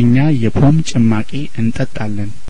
እኛ የፖም ጭማቂ እንጠጣለን